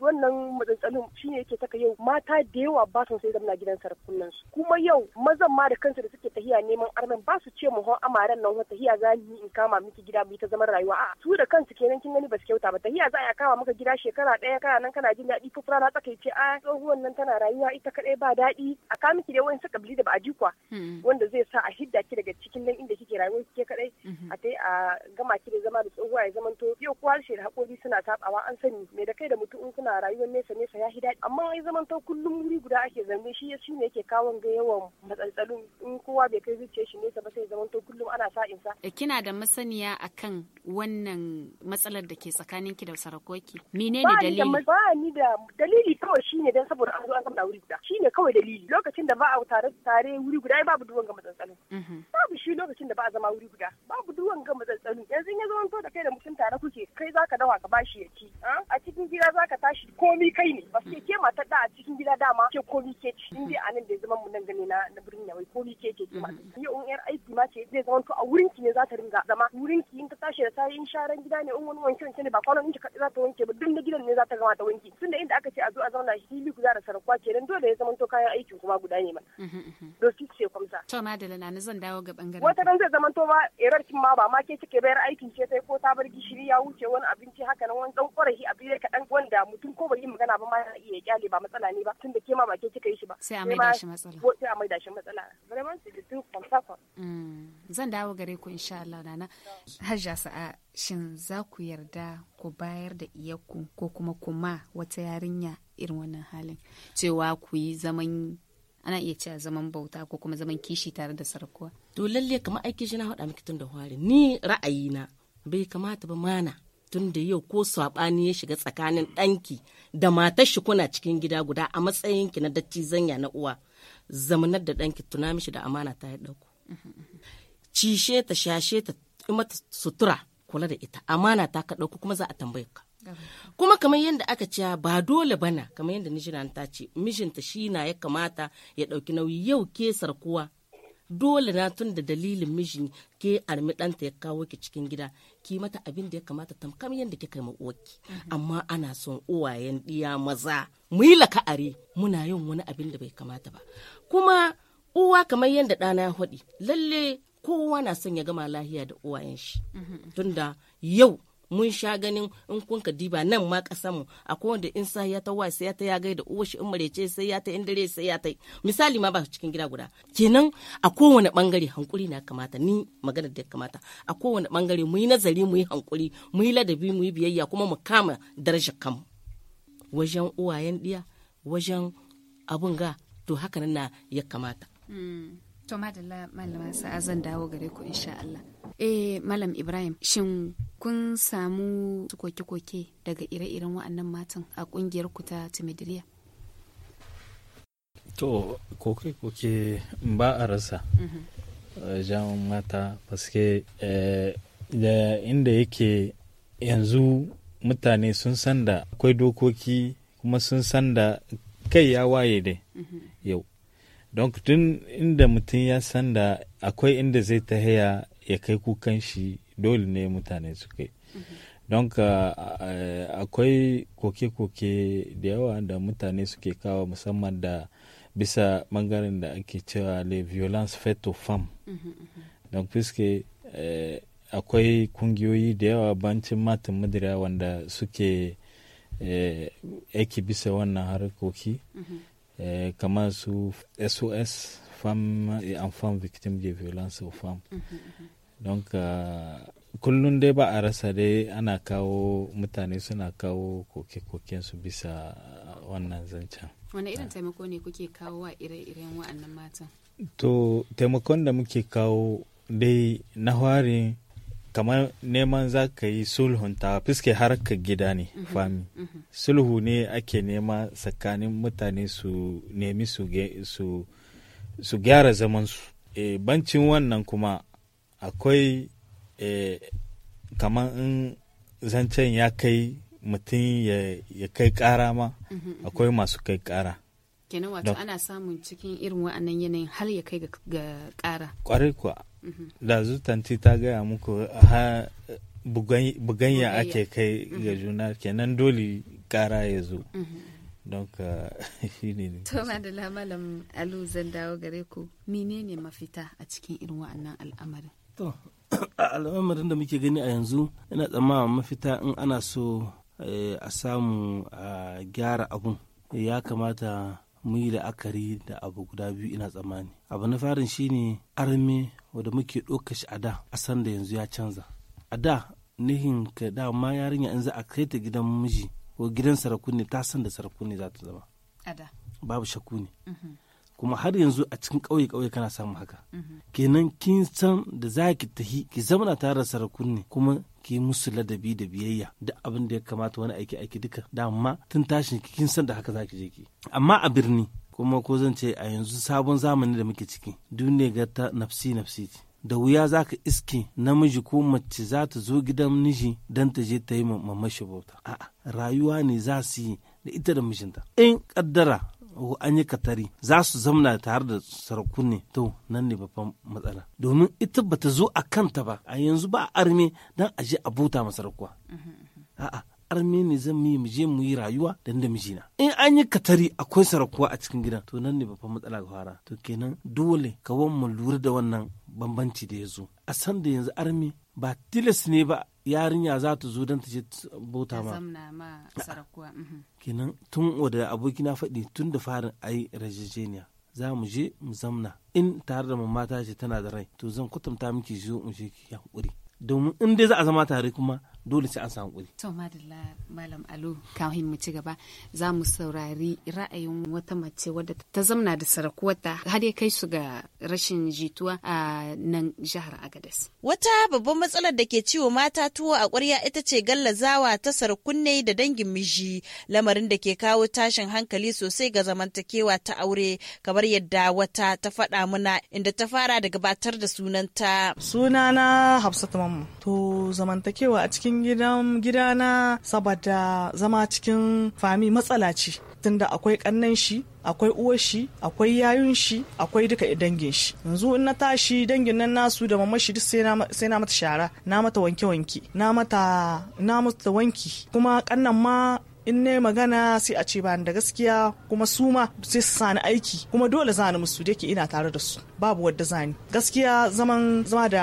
wannan matsalolin shine yake saka yau mata da yawa ba su sai zamna gidan sarakunan su kuma yau mazan ma da kansu da suke tahiya neman armen ba su ce mu hon amaren nan tahiya za ni in kama miki gida mu ta zaman rayuwa a su da kansu ke kenan kin gani ba su kyauta ba hiya za a kawo maka gida shekara ɗaya kana nan kana jin daɗi fufura na tsaka a ah, tsohuwan nan tana rayuwa ita kaɗai ba daɗi a ka miki dai wani kabili da ba a ji kuwa hmm. wanda zai sa a hidda ki daga cikin nan inda kike rayuwa kike kaɗai hmm. a tai a gama ki da zama da tsohuwa ya zamanto yau kuwa harshe da haƙori suna tabawa an sani me da kai da mutum in kuna rayuwar nesa nesa ya hi daɗi amma ai zamanto kullum wuri guda ake zaune shi shi ne yake kawon ga yawan matsaltsalun in kowa bai kai zuciyar shi nesa ba sai zamanto kullum ana sa'insa. Eh, kina da masaniya akan wannan matsalar da ke tsakanin ki da sarakoki menene dalili ba ni da dalili kawai shine dan saboda an zo an kamta wuri guda shine kawai dalili lokacin da ba a tare tare wuri guda ai babu duwan ga matsatsalu mhm. babu shi lokacin da ba a zama wuri guda babu duwan ga matsatsalu yanzu ya zo to da kai da mutum tare kuke kai zaka dawa ka bashi ya ci ah? a cikin gida zaka tashi komi kai ne ba sai ke matar da a cikin gida dama ke komi ke ci in dai anan da zama mu nan gane na na birnin yawai komi ke ke kuma mm-hmm. ni in yar aiki ma ce zai zama to a wurin ki ne za ta ringa zama wurin ki in ta tashi da tayi in sharan gida ne in wani wanke wanke ne ba kwanon in ka za ta wanke ba duk na gidan ne za ta gama ta wanke tunda inda aka ce a zo a zauna shi ku za da sarakuwa kenan dole ya zama to kayan aikin kuma guda ne ma mm-hmm, mm-hmm. doki To da na zan dawo ga bangaren. Wata nan zai zamanto ba erar kin ma ba ma ke kike bayar aikin ce sai ko ta bar gishiri ya wuce wani abinci haka nan wani dan korafi a biyar kaɗan wanda mutum ko bai yi magana ba ma iya kyale ba matsala ne ba tunda ke ma ba ke kika yi shi ba. Sai a mai shi matsala. Sai a mai shi matsala. Vraiment su duk Zan dawo gare ku insha Allah nana. Hajja sa'a shin za ku yarda ku bayar da iyakku ko kuma kuma wata yarinya irin wannan halin cewa ku yi zaman ana iya cewa zaman bauta ko kuma zaman kishi tare da sarakuwa. to lalle kama aiki shi na haɗa miki tun da hwari ni ra'ayina bai kamata ba mana tun da yau ko saɓani ya shiga tsakanin ɗanki da matar shi kuna cikin gida guda a matsayin ki na datti zanya na uwa zamanar da ɗanki tuna mishi da amana ta ya ɗauku. cishe ta shashe ta mata sutura kula da ita amana ta ka ɗauku kuma za a tambaye ka kuma kamar yadda aka ce ba dole bana kamar yadda mijina ta ce mijinta shi na ya kamata ya ɗauki nauyi yau ke sarkuwa dole na tun da dalilin miji ke armi ɗanta ya kawo ki cikin gida ki mata abin da ya kamata kamar yadda ke kai uwarki mhm. amma ana son uwayen ɗiya maza mu yi laka'ari muna yin wani abin da bai kamata ba kuma uwa kamar yadda ɗana ya haɗi lalle kowa na son ya gama lahiya da uwayen shi mhm. tunda yau mun sha ganin in kun ka diba nan ma kasan mu a kowanne in sa ya ta wa sai ya ta ya gaida uwa shi in marece sai ya ta in dare sai ya ta misali ma ba cikin gida guda kenan a kowane bangare hankuri na kamata ni magana da kamata a kowane bangare mu yi nazari mu yi hankuri mu yi ladabi mu yi biyayya kuma mu kama darajar kanmu wajen uwayen diya wajen abun ga to haka na ya kamata. Hmm. To madalla malama sa'a zan dawo gare ku insha Allah. Eh malam Ibrahim shin kun samu koke-koke daga ire-iren wa'annan matan a kungiyar ku ta Timidiriya? To koke-koke ba a rasa. Mhm. Jan mata paske eh, da inda yake yanzu mutane sun san da akwai dokoki kuma sun san da kai ya waye dai mhm. yau don tun inda mutum ya san da akwai inda zai ta haya ya kai kukan shi dole ne mutane su kai don ka akwai koke-koke da yawa da mutane suke kawo musamman da bisa bangaren da ake cewa le violence fait aux don fiske e, akwai kungiyoyi da yawa bancin matan madira wanda suke e, aiki bisa wannan harkoki mm Eh, kamar su sos fam an enfant victim de violence of fam don ka kullum dai ba a rasa dai ana kawo mutane suna kawo koke-koken su bisa wannan zancen wani irin taimako ne kuke kawo wa ire-iren wa'annan matan to taimakon da muke kawo dai na harin kamar neman za ka yi sulhunta fuske harkar gida ne mhm. fami mhm. sulhu ne ake nema tsakanin mutane su nemi su gyara zamansu e, bancin wannan kuma akwai e, kamar in zancen ya kai mutum ya, kai kara ma mhm, akwai masu kai kara kenan wato ana samun cikin irin wa'annan yanayin har ya kai ga kara kwarai kuwa da tanti ta gaya muku ha buganya ake kai mhm. ga juna kenan dole kara ya zo mhm. don ka shi ne to madala malam alu zan dawo gare ku menene mafita a cikin irin wa'annan al'amarin to a al'amarin da muke gani a yanzu ina tsammanin mafita in ana so eh, a samu a gyara abun ya kamata mu yi la'akari da abu guda biyu ina tsammani abu na farin shine arme wanda muke ɗauka shi a da a san da yanzu ya canza a da nihin ka da ma yarinya in za a kai ta gidan miji ko gidan saraku ne ta san da saraku za ta zama babu shakku ne mhm. kuma har yanzu a cikin ƙauye ƙauye kana samun haka mhm. kenan kin san da za ki tahi ki zamana tare da sarakun kuma ki musu ladabi da biyayya da abin da ya kamata wani aiki aiki duka da amma tun tashin kin san da haka za ki je ki amma a birni kuma ko zan ce a yanzu sabon zamani da muke ciki duniya ga ta nafsi nafsi da wuya za ka iske namiji ko mace za ta zo gidan miji don ta je ta yi mamashi bauta a'a rayuwa ne za su yi da ita da mijinta in kaddara ko an yi katari za su zamna tare da sarakun ne to nan ne babban matsala domin ita bata zo a kanta ba a yanzu ba a arme don a je a bauta masarakuwa mm-hmm, mm-hmm. a'a arme ne zan yi mu je mu yi rayuwa da da mijina in an yi katari akwai sarakuwa a cikin gidan to nan ne babban matsala ga fara to kenan dole ka wan mu lura da wannan bambanci da ya zo a san da yanzu arme ba tilas ne ba yarinya za ta zo don ta ce bauta ma mhm. kenan tun aboki abokina faɗi tun da farin a yi rajajeniya za mu je mu zamna in tare da mamata ce tana da rai to zan kwatanta miki zo mu je ki hankuri domin in dai za a zama tare kuma dole sai an samu kuri. To madalla malam Alu kafin mu ci gaba za mu saurari ra'ayin wata mace wadda ta zamna da sarakuwata har ya kai su ga rashin jituwa a nan jihar Agadez. Wata babban matsalar da ke ciwo mata tuwo a ƙwarya ita ce gallazawa ta sarakunne da dangin miji lamarin da ke kawo tashin hankali sosai ga zamantakewa ta aure kamar yadda wata ta faɗa mana inda ta fara da gabatar da sunanta. Sunana Hafsatu mu to zamantakewa a cikin gidan gidana saboda zama cikin fami matsala ce tunda akwai kannan shi akwai uwar shi akwai yayun shi akwai duka dangin shi yanzu in na tashi dangin nan nasu da mamma shi duk sai na mata shara na mata wanke wanke na mata wanki kuma kannan ma in na magana sai a ce ba da gaskiya kuma su ma sai su sani aiki kuma dole zani musu da ke ina tare da su babu wadda zani gaskiya zaman zama da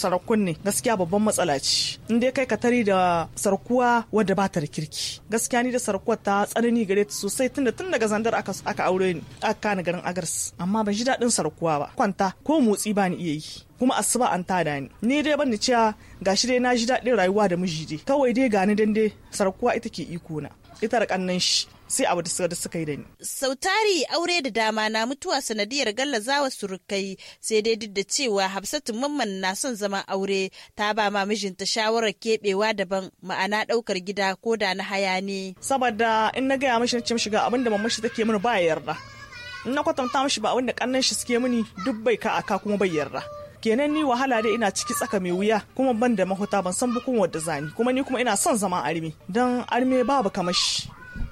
sarakun ne gaskiya babban matsala ce in dai kai ka tare da sarkuwa wadda ba ta da kirki gaskiya ni da sarkuwa ta tsanani gare ta sosai tunda tun daga zandar aka aka aure ni aka kana garin agars amma ban ji daɗin sarkuwa ba kwanta ko motsi ba ni iya yi kuma asuba an tada ni ni dai ban cewa gashi dai na ji daɗin rayuwa da miji dai kawai dai gani dande sarkuwa ita ke iko na ita da kannan shi sai abu da suka yi da ni. Sautari aure da dama na mutuwa sanadiyar gallazawa surukai sai dai duk da cewa Hafsatu Mamman na son zama aure ta ba ma mijinta shawarar keɓewa daban ma'ana ɗaukar gida ko da na haya ne. Saboda in na gaya mishi na ce mishi ga abin da mamman shi take mini ba yarda. In na kwatanta mishi ba abin da kannan shi suke mini duk bai ka aka kuma bai yarda. kenan ni wahala dai ina ciki tsaka mai wuya kuma ban da mahuta ban san bukun wadda zani kuma ni kuma ina son zama arme don arme babu kamashi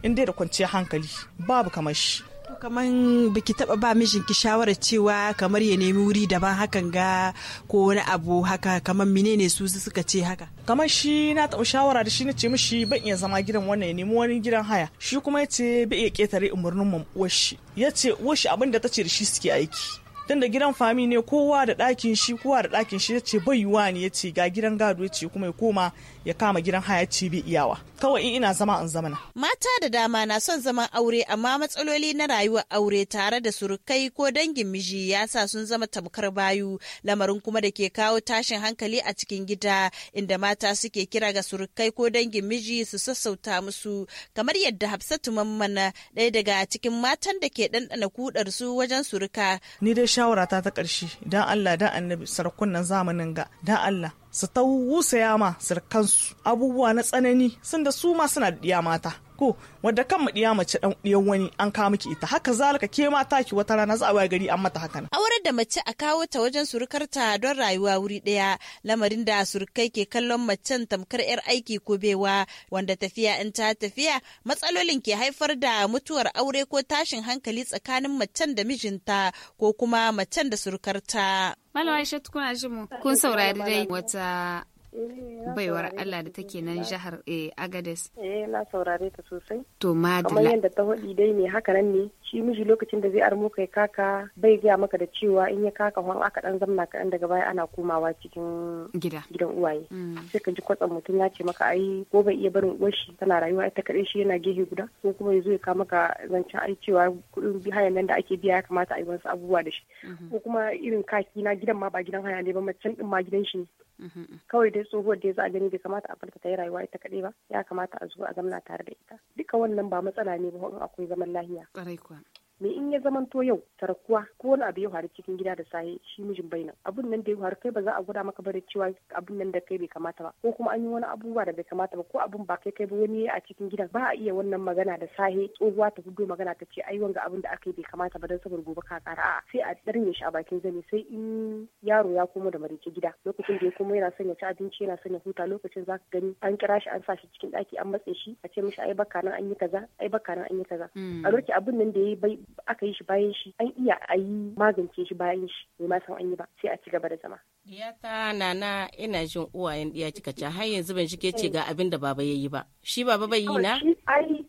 in dai da kwanciyar hankali babu kamashi kaman biki taba ba mijinki shawara cewa kamar ya nemi wuri daban hakan ga ko wani abu haka kamar menene su suka ce haka kamar shi na taɓa shawara da shi na ce mishi ban iya zama gidan wannan ya nemi wani gidan haya shi kuma ya ce bai iya ketare umarnin mamuwar shi ya ce uwar shi abin da ta ce da shi suke aiki tunda gidan fami ne kowa da ɗakin shi kowa da ɗakin shi ya ce bai yiwa ne ya ce ga gidan gado ya ce kuma ya koma ya kama gidan haya cibi iyawa kawai in ina zama in zamana. mata da dama na son zaman aure amma matsaloli na rayuwar aure tare da surukai ko dangin miji ya sa sun zama tamkar bayu lamarin kuma da ke kawo tashin hankali a cikin gida inda mata suke kira ga surukai ko dangin miji su sassauta musu kamar yadda hafsatu mammana ɗaya daga cikin matan da ke ɗanɗana kudar su wajen suruka. ni dai shawara ta ta ƙarshe dan allah dan annabi sarakunan zamanin ga dan allah su tausaya ma sirkansu abubuwa na tsanani sun da su ma suna da mata ko wadda kan mu diya mace dan diyan wani an kawo miki ita haka zalika ke ma taki wata rana za a waye gari an mata haka auren da mace a kawo ta wajen surukarta don rayuwa wuri daya lamarin da surukai ke kallon macen tamkar yar aiki ko bewa wanda tafiya in ta tafiya matsalolin ke haifar da mutuwar aure ko tashin hankali tsakanin macen da mijinta ko kuma macen da surukarta Aisha tukuna Jimu. kun saurari dai wata Eh, baiwar Allah da take nan jihar eh, Agades. Eh na saurare ta sosai. To madalla. Kamar yadda ta hudi dai ne haka nan ne shi miji lokacin da zai armo kai kaka bai gaya maka da cewa in ya kaka hon aka dan zamna kaɗan daga baya ana komawa cikin gida gidan uwaye mm. sai ka ji kwatsan mutum ya ce maka ai ko bai iya barin uwar shi tana rayuwa ita kadai shi yana gehe guda ko kuma ya zo ya kama ka zancen ai cewa kuɗin hayan nan da ake biya ya kamata a yi wasu abubuwa da shi mm-hmm. ko kuma irin kaki na gidan ma ba gidan haya ne ba macen din ma gidan shi mm-hmm. kawai dai tsohuwar da ya za a gani bai kamata a farka ta yi rayuwa ita kaɗai ba ya kamata a zo a zamna tare da ita duka wannan ba matsala ne ba in akwai zaman lahiya kwarai kuwa me in ya zamanto yau tarakuwa ko wani abu ya faru cikin gida da sahi shi mijin bai abun nan da ya faru kai ba za a gwada maka bari cewa abun nan da kai bai kamata ba ko kuma an yi wani abubuwa da bai kamata ba ko abun ba kai kai ba wani a cikin gida ba a iya wannan magana da sahi tsohuwa ta gudu magana ta ce ai ga abun da aka yi bai kamata ba dan saboda gobe ka kara a'a sai a darne shi a bakin zane sai in yaro ya komo da marice gida lokacin da ya komo yana son ya ci abinci yana son ya huta lokacin za ka gani an kira shi an sa shi cikin daki an matse shi a ce mishi ai baka nan an yi kaza ai baka nan an yi kaza mm. a abun nan da ya bai aka yi shi bayan shi an iya a yi magance shi bayan shi bai ma san an yi ba sai a ci gaba da zama. Diyata nana ina jin uwayen diya kika ci har yanzu ban shige ce ga abin da baba ya yi ba shi baba bai yi na? Ai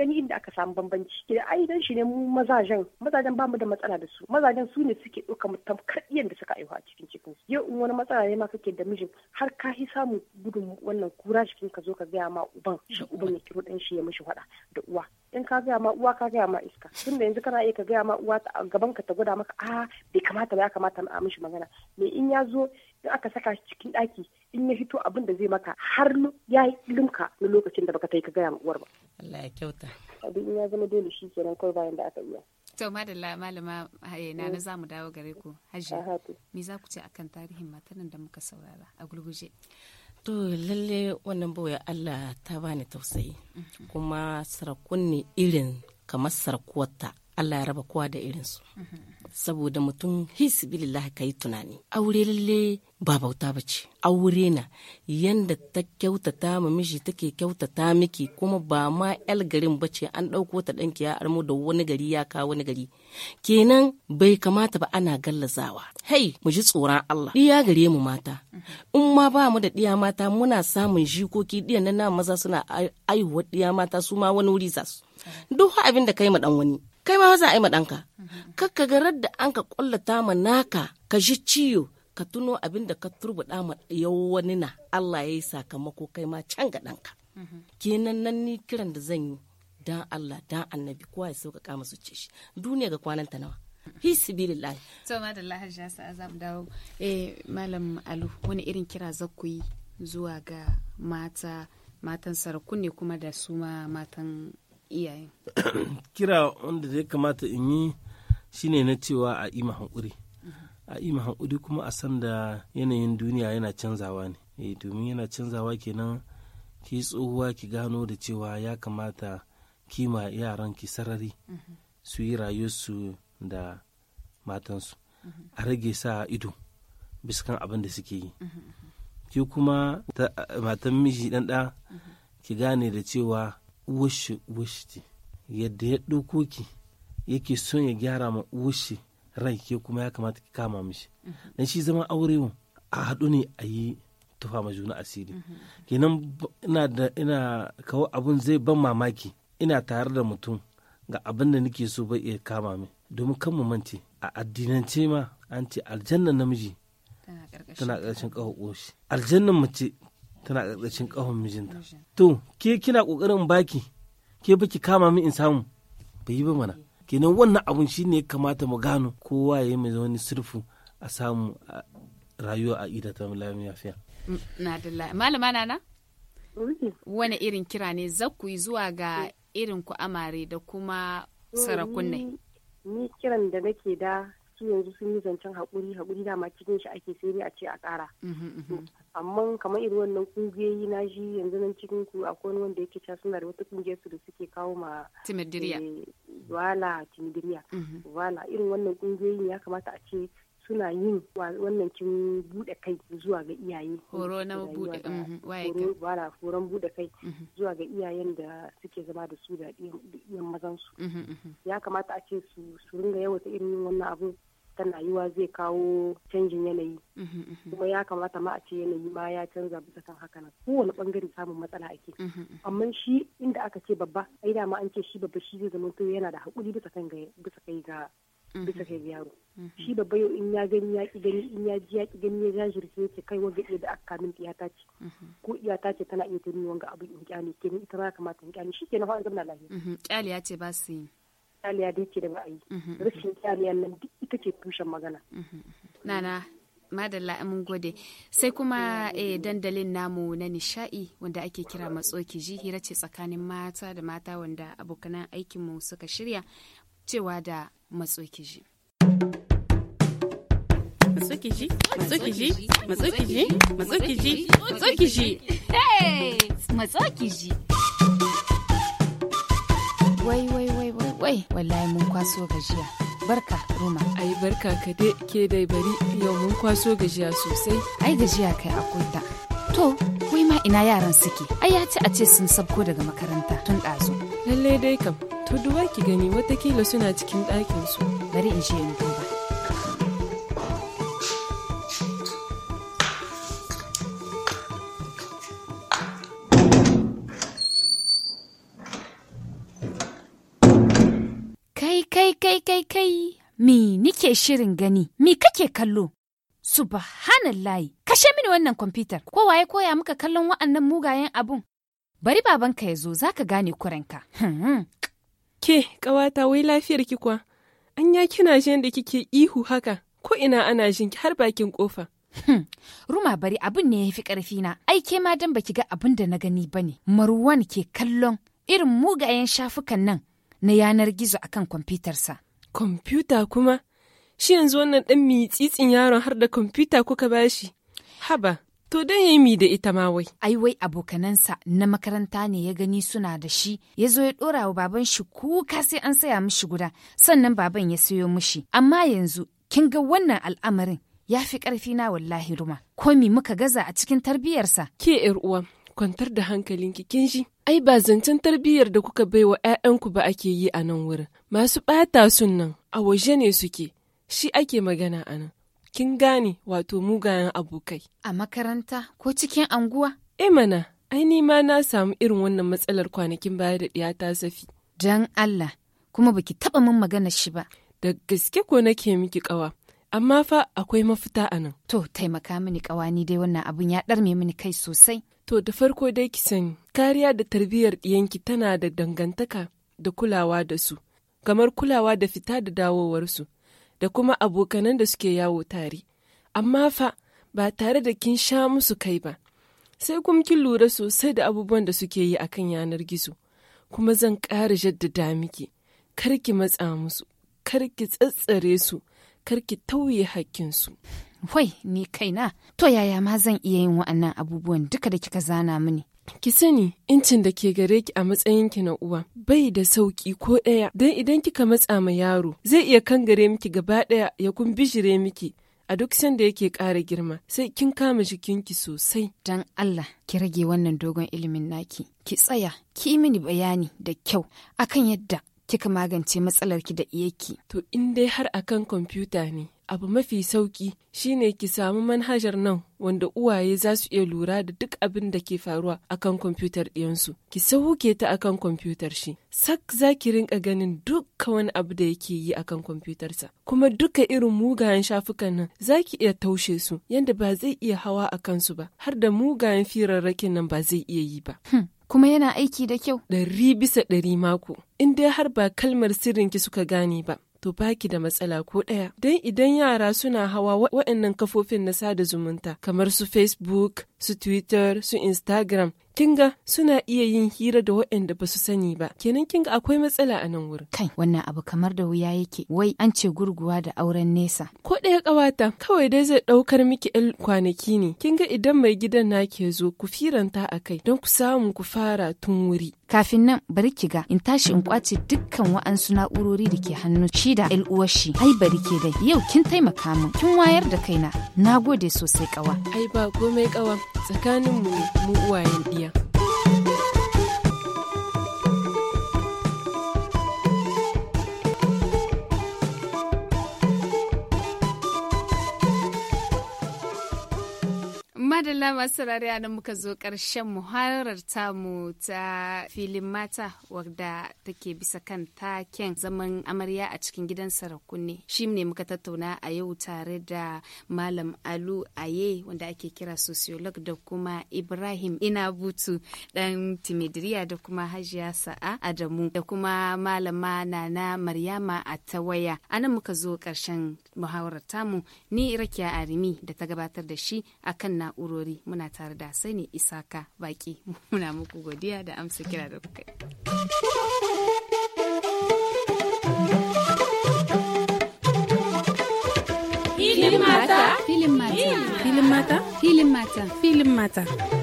gani inda aka samu bambanci idan ai dan shi ne mu mazajen mazajen bamu da matsala da su mazajen su ne suke dauka mu tamkar da suka aihu a cikin cikin su yau in wani matsala ne ma kake da mijin har ka yi samu gudun wannan kura cikin ka zo ka gaya ma uban shi uban ya kiro dan shi ya mishi faɗa da uwa in ka gaya ma uwa ka gaya ma iska tun da yanzu kana iya ka gaya ma uwa gaban ka ta gwada maka a ah, bai kamata ba ya kamata a mishi magana me in ya zo da aka saka shi cikin daki in ya fito abin da zai maka har ya yi ilimka na lokacin da baka ta yi ka gaya ma uwar ba. Allah ya kyauta. Abin ya zama dole shi kenan kawai bayan da aka iya. To madalla malama eh, na na mm. za mu dawo gare ku hajji. Me za ku ce akan tarihin matanan da muka saurara a gurguje? To lalle wannan bawai Allah ta bani tausayi mhm. kuma sarakun ne irin kamar sarakuwarta Allah ya raba kowa da irinsu. Mhm. Saboda mutum hisbilillah ka yi tunani. Aure lalle ba bauta ba ce aure na yanda ta kyautata ma miji take kyautata miki kuma ba ma yal garin ba ce an ɗauko ta ɗanki ya armo da wani gari ya kawo wani gari kenan bai kamata ba ana gallazawa hai mu ji tsoron Allah iya gare mu mata in ma ba mu da ɗiya mata muna samun jikoki ɗiya na maza suna aihuwa ɗiya mata su ma wani wuri za su duk abin da kai ma dan wani kai ma za a yi ma ɗanka kakka garar da an ka ƙullata ma naka ka ji ciwo ka tuno abin da ka turbuɗa ma yau wani na Allah ya yi sakamako kai ma can ga ɗanka kenan nan ni kiran da zan yi dan Allah dan annabi kowa ya sauƙaƙa masu ce shi duniya ga kwanan ta nawa hisibilillah to lahar ja sa za mu dawo eh malam alu wani irin kira za yi zuwa ga mata matan sarku ne kuma da su ma matan iyayen kira wanda zai kamata in yi shine na cewa a ima hankuri a ima hankuri kuma a san da yanayin duniya yana canzawa ne eh, domin yana canzawa kenan ki tsohuwa ki gano da cewa ya kamata kima yaran ki sarari mhm. su yi rayuwarsu da matansu mhm. a rage sa ido biskan abin da suke yi mhm, ki kuma matan miji dan da ki gane da cewa uwashi uwashi yadda ya ɗauko ki yake son ya gyara ma uwashi rai ke kuma ya kamata ki kama mishi mhm. dan shi zama aure a haɗu ne a yi tufa ma juna asiri mhm. kenan ina da ina kawo abun zai ban mamaki ina tare da mutum ga abin da nake so bai iya kama min domin kan mu mance a addinance ma an ce aljanna namiji tana ƙarƙashin ƙahon ƙoshi aljannan mace tana ƙarƙashin ƙahon mijinta to ke kina ƙoƙarin baki ke baki kama min in samu bai yi ba mana kenan wannan abun shi ne kamata mu gano kowa ya yi mai wani sirfu a samu rayuwa a ida ta lafiya. malama na? wani irin kira ne zakuyi yi zuwa ga irin ku amare da kuma sarakunne. Mm, ni kiran da nake da su yanzu sun yi zancen haƙuri haƙuri dama cikin shi ake sai a ce a ƙara mhm, mhm. amma kamar irin wannan kungiyoyi na shi yanzu nan cikin ku akwai wani wanda yake cewa suna da wata kungiyar su da suke kawo ma timidiriya eh, wala timidiriya mhm. wala irin wannan kungiyoyin ya kamata a ce suna yin wannan kin bude kai zuwa ga iyaye horo na bude wala mhm, horon bude kai mhm. zuwa ga iyayen da suke zama da su da iyan mazan su ya kamata a ce su ringa yawata irin wannan abu tana yiwa zai kawo canjin yanayi uhm, uhm. kuma ya kamata ma a ce yanayi ma ya canza bisa kan haka nan kowane bangare samun matsala ake uhm, amma shi inda aka ce babba ai dama an ce shi babba shi zai zama to yana da hakuri bisa kan bisa kai ga bisa kai yaro shi babba yau in ya gani ya ki gani in ya ji ya ki gani ya jirgin ce kai wanga da aka kamin iyata ce ko iyata ce tana iya tuni wanga abu in kyani ke ita ma kamata in kyani shi ke na an zama lafiya kyali ya ce ba su yi kyale ya dace da ba yi rashin kyale nan duk ita ke tushen magana mhm. nana madalla mun gode sai kuma e, dandalin namu na nishai wanda ake kira matsoki ji hira ce tsakanin mata da mata wanda abokanan aikinmu suka shirya cewa da matsoki ji Wai, wai wai wai wai wallahi mun kwaso gajiya barka Roma. Ai barka ka dai ke dai bari yau mun kwaso gajiya sosai. Ai gajiya kai a ta. To, kai ma ina yaran suke? Ai ya ci a ce sun sabko daga makaranta tun ɗazu. Lallai dai kam, to duwa ki gani watakila suna cikin ɗakin su. Bari in je in kai kai me nike shirin gani, me kake kallo? Subhanallahi, kashe mini wannan kwamfutar, kowa ya koya muka kallon wa'annan mugayen abun. Bari babanka ya zo, za ka gane kurenka. Hmm. Ke, kawata wai lafiyar ki kuwa, an ya kina jin da kike ihu haka, ko ina ana jin ki har bakin kofa. Hmm. Ruma bari abun ne ya fi ƙarfi na, ai ke ma dan baki ga abun da na gani ba ne. Marwan ke kallon irin mugayen shafukan nan na yanar gizo akan kwamfutarsa. Kwamfuta kuma? Shi yanzu wannan ɗan mitsitsin yaron har da kwamfuta kuka bashi? Haba, to don ya mi da ita ma wai. Ai wai abokanansa na makaranta ne ya gani suna da shi, ya zo ya ɗora wa baban shi kuka sai an saya mishi guda, sannan baban ya sayo mishi. Amma yanzu, kin ga wannan al'amarin ya fi ƙarfi na wallahi ruma. Komi muka gaza a cikin tarbiyyarsa. Ke 'yar uwa, kwantar da hankalinki kin ji ai ba zancen tarbiyyar da kuka bai wa 'ya'yanku ba ake yi a nan wurin masu ɓata sun nan a waje ne suke shi ake magana a nan kin gane wato mugayen abokai a makaranta ko cikin anguwa e mana ai ni ma na samu irin wannan matsalar kwanakin baya da ta safi jan Allah kuma baki taɓa min magana shi ba da gaske ko nake miki ƙawa amma fa akwai mafita a nan to taimaka mini ƙawa ni dai wannan abun ya ɗarme mini kai sosai To da farko dai ki sani, kariya da tarbiyyar ɗiyanki tana da dangantaka da kulawa da su, kamar kulawa da fita da dawowarsu, da kuma abokanan da suke yawo tare. Amma fa ba tare da kin sha musu kai ba, sai kuma kin lura sosai da abubuwan da suke yi akan yanar gizo, kuma zan ƙara jaddada miki, kar ki matsa musu, kar ki tsatsare su, kar ki tauye hakkinsu. wai ni kaina to yaya ma zan iya yin wa'annan abubuwan duka da kika zana mini Ki sani incin da ke gare ki a matsayinki na uwa bai da sauki ko ɗaya don idan kika matsa ma yaro zai iya kan gare miki gaba ɗaya ya kumbishire miki a duk sanda yake ƙara girma sai kin kama jikinki sosai. Don Allah ki rage wannan dogon ilimin naki ki tsaya ki mini bayani da kyau akan yadda kika magance matsalar ki da iyaki. To in dai har akan kwamfuta ne abu mafi sauki shine ki samu manhajar nan wanda uwaye za su iya lura da duk abin da ke faruwa akan kwamfutar ɗiyansu ki sauke ta akan kwamfutar shi sak za ki rinka ganin duka wani abu da yake yi akan kwamfutarsa kuma duka irin mugayen shafukan nan za ki iya taushe su yadda ba zai iya hawa a kansu ba har da mugayen firarrakin nan ba zai iya yi ba. Hmm, kuma yana aiki da kyau? Ɗari bisa ɗari mako, in dai har ba kalmar sirrinki suka gane ba. to baki da matsala ko ɗaya. Dan idan yara suna hawa waɗannan kafofin na sada zumunta kamar su Facebook, su Twitter, su Instagram, kinga suna iya yin hira da waɗanda ba su sani ba kenan kinga akwai matsala a nan wurin kai wannan abu kamar da wuya yake wai an ce gurguwa da auren nesa ko ɗaya ƙawata kawai dai zai ɗaukar miki yan kwanaki ne kinga idan mai gidan na ke zo ku firanta a kai don ku samu ku fara tun wuri kafin nan bari ki ga in tashi in kwace dukkan wa'ansu na'urori da ke hannu shi da yan uwar shi ai bari ke dai yau kin taimaka min kin wayar da kaina Na gode sosai ƙawa. ai ba komai ƙawa tsakanin mu mu uwayen ɗiya madalla masu saurari a nan muka zo ƙarshen muhawarar tamu ta filin mata wadda take bisa kan taken zaman amarya a cikin gidan sarakunne shi ne muka tattauna a yau tare da malam alu aye wanda ake kira sociolog da kuma ibrahim ina butu dan timidiriya da kuma hajiya sa'a adamu da kuma malama nana maryama a tawaya a nan muka zo ƙarshen muhawarar tamu ni rakiya arimi da ta gabatar da shi akan na'ura larurori muna tare da sani isaka baki muna muku godiya da amsa kira da kuka filin mata filin mata filin mata filin mata filin mata